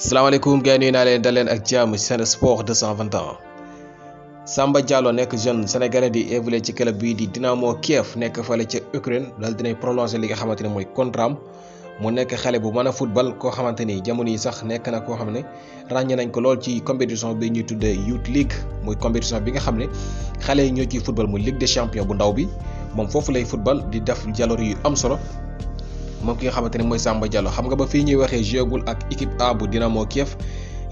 salaamaleykum gars yi nuyu naa leen dal leen ak jàmm ci Sen Sport 221 Samba Diallo nekk jeune sénégalais di évolué ci club bii di Dynamo Kiev nekk fale ca Ukraine dal dinay prolongé li nga xamante ne mooy contrat mu nekk xale bu mën a football koo xamante ni jamono yi sax nekk na koo xam ne ràññee nañ ko lool ci compétition bi ñuy tuddee Youth League muy compétition bi nga xam ne xale yi ñoo ci football mu Ligue des champions bu ndaw bi moom foofu lay football di deful jaloor yu am solo. moom ki nga xamante ne mooy sàmba Diallo xam nga ba fii ñuy waxee jéegul ak équipe A bu Dynamo Kiev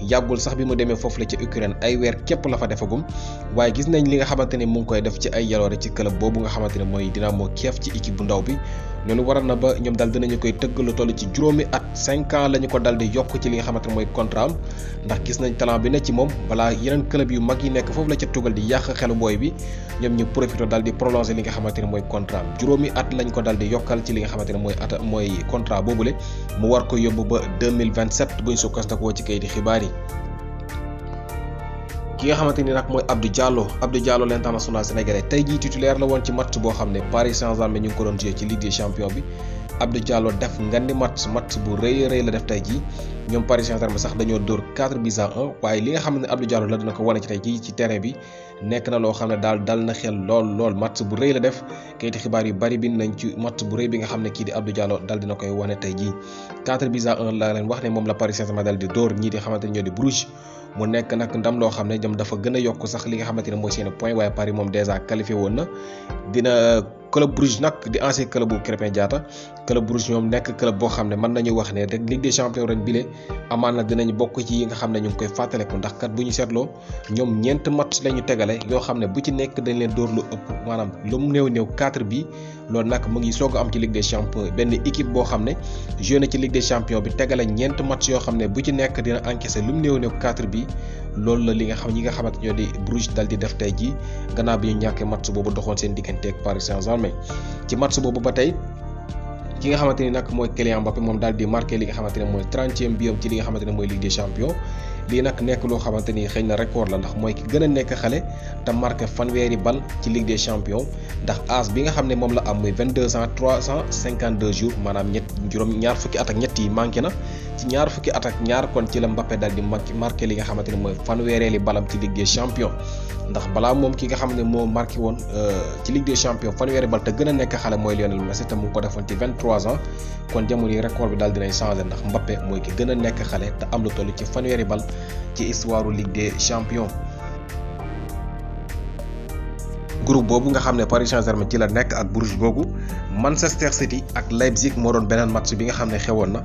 yàggul sax bi mu demee foofu la ca Ukraine ay weer képp la fa defagum waaye gis nañ li nga xamante ne mu ngi koy def ci ay jaloore ci club boobu nga xamante ne mooy Dynamo Kiev ci équipe bu ndaw bi loolu waral na ba ñoom daal dinañu koy tëgg lu toll ci juróomi at cinq ans la ñu ko dal di yokk ci li nga xamante mooy contrat ndax gis nañ talent bi ne ci moom balaa yeneen club yu mag yi nekk foofu la ca tugal di yàq xelu booy bi ñoom ñu profité daal di prolongé li nga xamante ne mooy contrat am juróomi at lañ ko dal di yokkal ci li nga xamante ne mooy at mooy boobu le mu war ko yóbbu ba 2027 buñ sukkandikoo ci kayiti xibaar yi ki nga xamante ni nag mooy Abdou Diallo Abdou Diallo l'international sénégalais tey jii titulaire la woon ci match boo xam ne Paris Saint-Germain ñu ngi ko doon joué ci Ligue des champions bi Abdou Diallo def ngandi match match bu rëy rëy la def tey jii ñoom Paris Saint-Germain sax dañoo dóor 4 buts à 1 waaye li nga xam ne Abdou Diallo la dina ko wane ci tey jii ci terrain bi nekk na loo xam ne daal dal na xel lool lool match bu rëy la def kayiti xibaar yu bari bind nañ ci match bu rëy bi nga xam ne kii di Abdou Diallo dal dina koy wane tey jii 4 wax ne moom la Paris Saint-Germain dal di dóor ñii di mu nekk nag ndam loo xam ne jëm dafa gën a yokk sax li nga xamante ne mooy seen point waaye Paris moom dèjà qualifié woon na dina club Bruges nag di ancien club bu Krépin Diatta club Bruges ñoom nekk club nañu wax ne rek Ligue des champions bokk ci xam ne ñu ngi koy fàttaleku ndax kat bu ñu seetloo ñoom ñeent match la ñu yoo xam ne bu ci nekk dañ leen dóor lu ëpp maanaam lu mu néew néew bi loolu nag mu ngi soog am ci Ligue des champions benn xam ne joué na ci Ligue des champions bi ñeent match yoo xam ne bu ci nekk dina encaissé lu mu néew néew 4 loolu la li nga nga xamante ñoo di Bruges dal tey ji gannaaw bi ñu ñàkkee boobu doxoon seen digganteeg Paris saint Palme ci match boobu ba tey ki nga xamante ni nag mooy Kylian Mbappé moom daal di marqué li nga xamante ne mooy trentième biyam ci li nga xamante ne mooy Ligue des Champions lii nag nekk loo xamante ni xëy na record la ndax mooy ki gën a nekk xale te marqué fanweeri bal ci Ligue des champions ndax âge bi xam ne moom la am muy 22 ans 352 jours maanaam ñett juróom ñaar fukki at ak ñett manqué na ci ñaar fukki at ñaar kon ci la Mbappé daal di marqué nga xamante ni mooy fanweereeli balam ci Ligue des champions ndax balaa moom ki nga xam ne moo marqué woon euh, ci Ligue des champions fanweeri bal te gën a nekk xale mooy Lionel Messi te mu ko defoon ci 23 ans kon jamono yi record bi daal mooy ki gën a nekk xale am lu toll ci fanweeri bal ci histoire Ligue des champions. groupe boobu nga xam ne Paris Saint-Germain ci la nekk ak Bruges googu Manchester City ak Leipzig moo doon beneen match bi nga xam ne xewoon na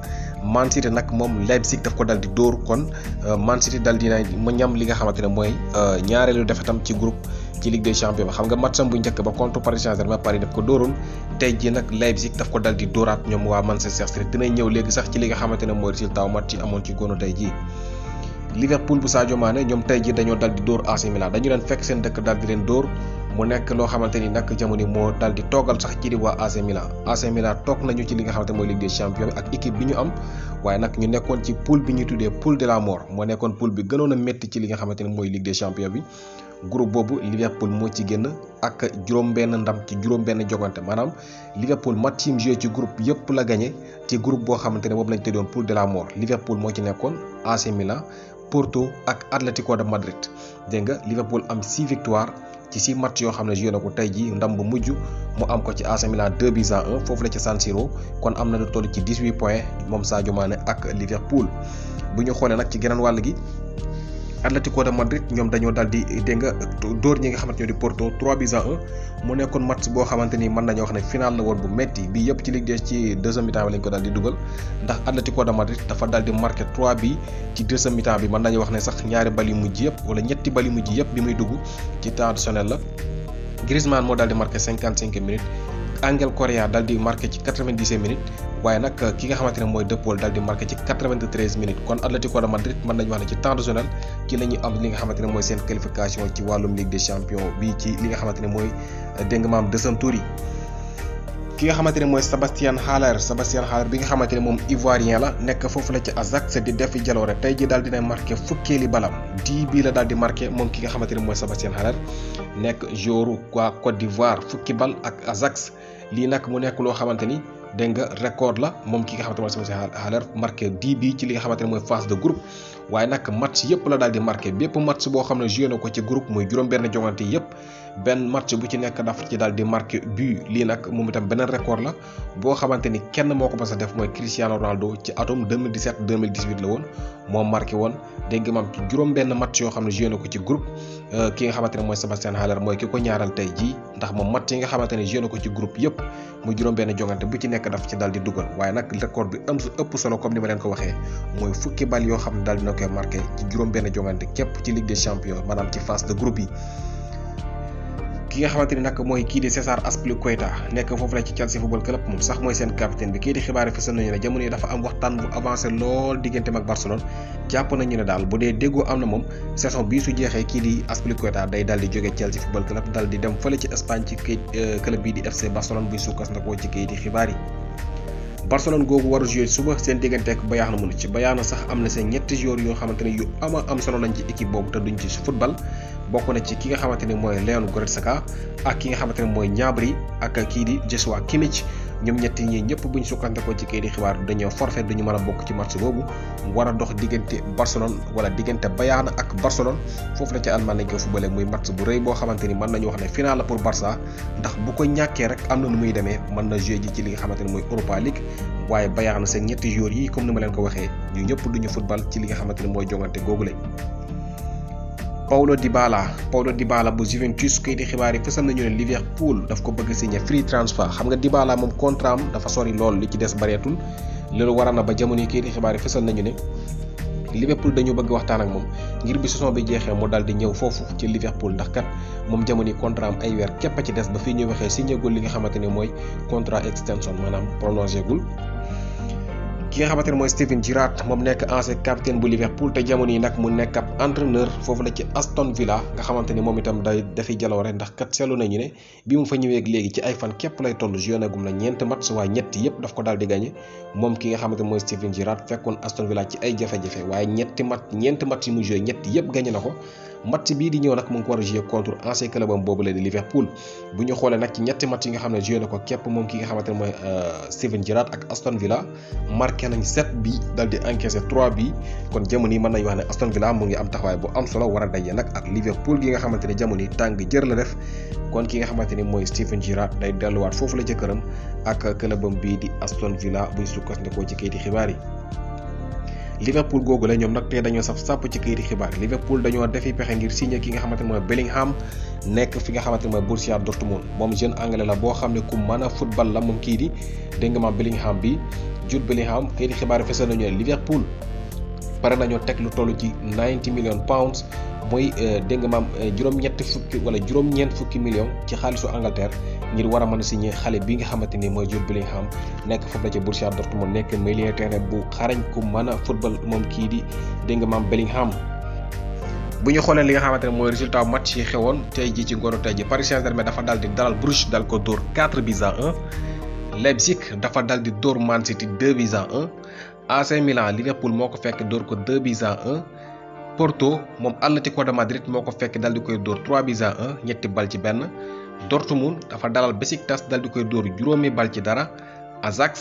Man nag moom Leipzig daf ko dal di dóor kon euh, Man City dal dina mu ñam li nga xamante ne mooy euh, ñaareelu defetam ci group ci Ligue des Champions xam nga matcham bu njëkk ba contre Paris Saint-Germain Paris daf ko dóoroon tey ji nag Leipzig daf ko dal di dóoraat ñoom waa Manchester City dinañ ñëw léegi sax ci li nga xamante ne mooy résultat match yi amoon ci góonu tey jii. Liverpool bu Sadio Mané ñoom tey ji dañoo dal di dóor AC Milan dañu leen fekk seen dëkk dal di leen dóor mu nekk loo xamante ni nag jamono moo dal di toogal sax ci di waa AC Milan AC Milan toog nañu ci li nga xamante mooy Ligue des champions bi ak équipe bi ñu am waaye nag ñu nekkoon ci poule bi ñuy tuddee poule de la mort moo nekkoon poule bi gënoon a métti ci li nga xamante ni mooy Ligue des champions bi groupe boobu Liverpool moo ci génn ak juróom-benn ndam ci juróom-benn jogante maanaam Liverpool match yi mu joué ci groupe yëpp la gagné ci groupe boo xamante ne boobu lañ tëddoon poule de la mort Liverpool moo ci nekkoon AC Milan Porto ak Atlético de Madrid dégg nga Liverpool am 6 victoire ci 6 match yoo xam ne joué na ko tey jii ndam bu mujj mu am ko ci AC Milan 2 buts à 1 foofu la ci San Siro kon am na lu toll ci 18 points moom Sadio Mané ak Liverpool bu ñu xoolee nag ci geneen wàll gi. Atlético de Madrid ñoom dañoo daal di dégg nga dóor ñi nga xamante ñoo di Porto 3 buts à 1 mu nekkoon match boo xamante ni mën nañoo wax ne final la woon bu metti bi yëpp ci Ligue des ci deuxième mi-temps bi lañ ko daal di dugal ndax Atlético de Madrid dafa daal di marqué 3 bi ci deuxième mi-temps bi mën nañu wax ne sax ñaari bal yu mujj yëpp wala ñetti bal yu mujj yëpp bi muy dugg ci temps additionnel la Griezmann moo daal di marqué 55 minutes. Angel Correa dal di marqué ci 90e minute waaye nag euh, ki nga xamante ne mooy De Paul dal di marqué ci 93 minutes kon Atlético de Madrid mën nañu wax ne ci temps additionnel ci la ñuy nga xamante ne mooy seen qualification ci nga xamante ne mooy euh, dégg nga maam deuxième tour yi. ki nga xamante mooy Sébastien Haller Sébastien Haller bi nga xamante ne moom Ivoirien la nekk foofu la ci Ajax di def jaloore tey ji daal dina marqué fukkeeli balam dii bii la daal di marqué moom ki nga xamante ne mooy Sébastien Haller nekk joueur waa Côte d'Ivoire fukki bal ak Ajax lii nag mu nekk loo xamante ni dégg nga record la moom ki nga xamante ne mooy Sébastien Haller marqué 10 bi ci li xamante ne mooy phase de groupe waaye nag match yëpp la daal di marqué bépp match boo xam ne joué ko ci groupe muy juróom-benn jongante yëpp benn match bu ci nekk daf ci dal di marqué but lii nag moom itam beneen record la boo xamante ni kenn moo ko mas a def mooy Cristiano Ronaldo ci atum 2017 2018 la woon moo marqué woon dégg maam ci juróom-benn match yoo xam ne joué na ko ci groupe euh, ki nga xamante ne mooy Sébastien Haller mooy ki ko ñaaral tey jii ndax moom match yi nga xamante ne joué na ko ci groupe yëpp mu juróom-benn jongante bu ci nekk daf ci daal di dugal waaye nag record bi am su ëpp solo comme ni ma leen ko waxee mooy fukki bal yoo xam ne dal dina koy marqué ci juróom-benn jongante képp ci Ligue des Champions maanaam ci phase de groupe yi. ki nga xamante ni nag mooy kii di César Azpilicueta nekk foofu la ci Chelsea Football Club moom sax mooy seen capitaine bi kii di xibaar yi fësal nañu ne jamono yi dafa am waxtaan bu avancé lool digganteem ak Barcelone jàpp nañu ne daal bu dee déggoo am na moom saison bii su jeexee kii di Azpilicueta day dal di jóge Chelsea Football Club dal di dem fële ci Espagne ci këyit euh, club bii di FC Barcelone buy sukkas na koo ci këyiti xibaar yi. Barcelone googu a sax am na seen ñetti joueurs yoo xamante ne am solo lañ ci équipe boobu te bokk na ci ki nga xamante ni mooy Leon Goretzka ak ki nga xamante ne mooy Gnabry ak kii di Joshua Kimmich ñoom ñett ñi ñëpp buñ sukkandikoo ci kii di xibaar dañoo forfait duñu mën a bokk ci match boobu war a dox diggante Barcelone wala diggante Bayern ak Barcelone foofu la ca Allemagne lañ koy fubale muy match bu rëy boo xamante ni mën nañu wax ne final la pour Barça ndax bu ko ñàkkee rek am na nu muy demee mën na jouer ji ci li nga xamante ne mooy Europa League waaye Bayern seen ñetti joueurs yi comme ni ma leen waxee ñu ñëpp duñu football ci li nga xamante ne mooy jongante googu lañ Paulo Dybala Paulo Dybala bu Juventus kayiti xibaar yi fësal nañu ne Liverpool daf ko bëgg signé free transfer xam nga Dybala moom contrat am dafa sori lool li ci des bareetul loolu waral na ba jamono yi kayiti xibaar yi fësal nañu ne Liverpool dañu bëgg waxtaan ak moom ngir bi saison bi jeexee mu daal di ñëw foofu ci Liverpool ndax kat moom jamono yi contrat ay weer képp a ci des ba fii ñuy waxee signé gul li nga xamante ne mooy contrat extension maanaam prolongé gul. ki nga xamante ne mooy Steven Gerrard moom nekk ancien capitaine bu Liverpool te jamono yi nag mu nekk ab entraîneur foofu la ci Aston Villa nga xamante ni moom itam day dafi jaloore ndax kat seetlu nañu ne bi mu fa ñëwee ak léegi ci ay fan képp lay toll gum la ñeent match waaye ñett yëpp daf ko daal di gagné moom ki nga xamante mooy Steven Gerrard fekkoon Aston Villa ci ay jafe-jafe waaye ñetti match ñeent match yi mu joué ñett yëpp gagné na ko match bii di ñëw nag mu ngi ko war a jouer contre ancien club am boobu la di Liverpool bu ñu xoolee nag ñetti match ne joué na ko képp moom ki nga xamante ne mooy euh, Steven Gerrard ak Aston Villa marqué nañ 7 bi dal di encaissé 3 bi kon jamono yi mën nañu wax ne Aston Villa mu ngi am taxawaay bu am solo war a daje nag ak Liverpool gi nga xamante ne jamono yi tàng jër la def kon ki nga xamante ni mooy Steven Gerrard day delluwaat foofu la ca këram ak clubam bii di Aston Villa buñ sukkandikoo ci kayiti xibaar yi Liverpool googu la ñoom nag tey dañoo saf sàpp ci këyiti xibaar Liverpool dañoo defi pexe ngir signé ki nga xamante mooy Bellingham nekk fi nga xamante ne mooy Borussia Dortmund moom jeune anglais la boo xam ne ku mën a football la moom kii di dégg nga maam Bellingham bi Jude Bellingham këyiti xibaar yi fësal nañu Liverpool pare nañoo teg lu toll ci 90 millions pounds. mooy euh, dégg nga maam euh, juróom-ñett fukki wala juróom-ñeent fukki million ci xaalisu Angleterre ngir war a mën si signé xale bi nga xamante ni mooy Jude Bellingham nekk foofu la ca Borussia Dortmund nekk million terrain bu xarañ ku mën a football moom kii di dégg nga maam Bellingham. bu ñu xoolee li nga xamante ne mooy résultat match yi xewoon tey ji ci ngoonu tey ji Paris Saint-Germain dafa dal di dalal Bruges dal ko dóor 4 buts à 1 Leipzig dafa dal di dóor Man City 2 buts à 1 AC Milan Liverpool moo ko fekk dóor ko 2 buts à Porto moom Atlético de Madrid moo ko fekk dal di koy dóor 3 buts à 1 ñetti bal ci benn Dortmund dafa dalal Besiktas dal di koy dóor juróomi bal ci dara Ajax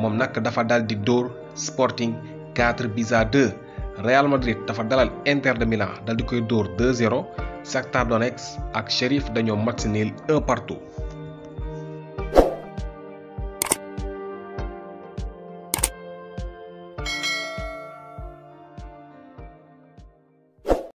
moom nag dafa dal di dóor Sporting 4 buts à Real Madrid dafa dalal Inter de Milan dal di koy dóor 2-0 Shakhtar Donetsk ak Sheriff dañoo match nul 1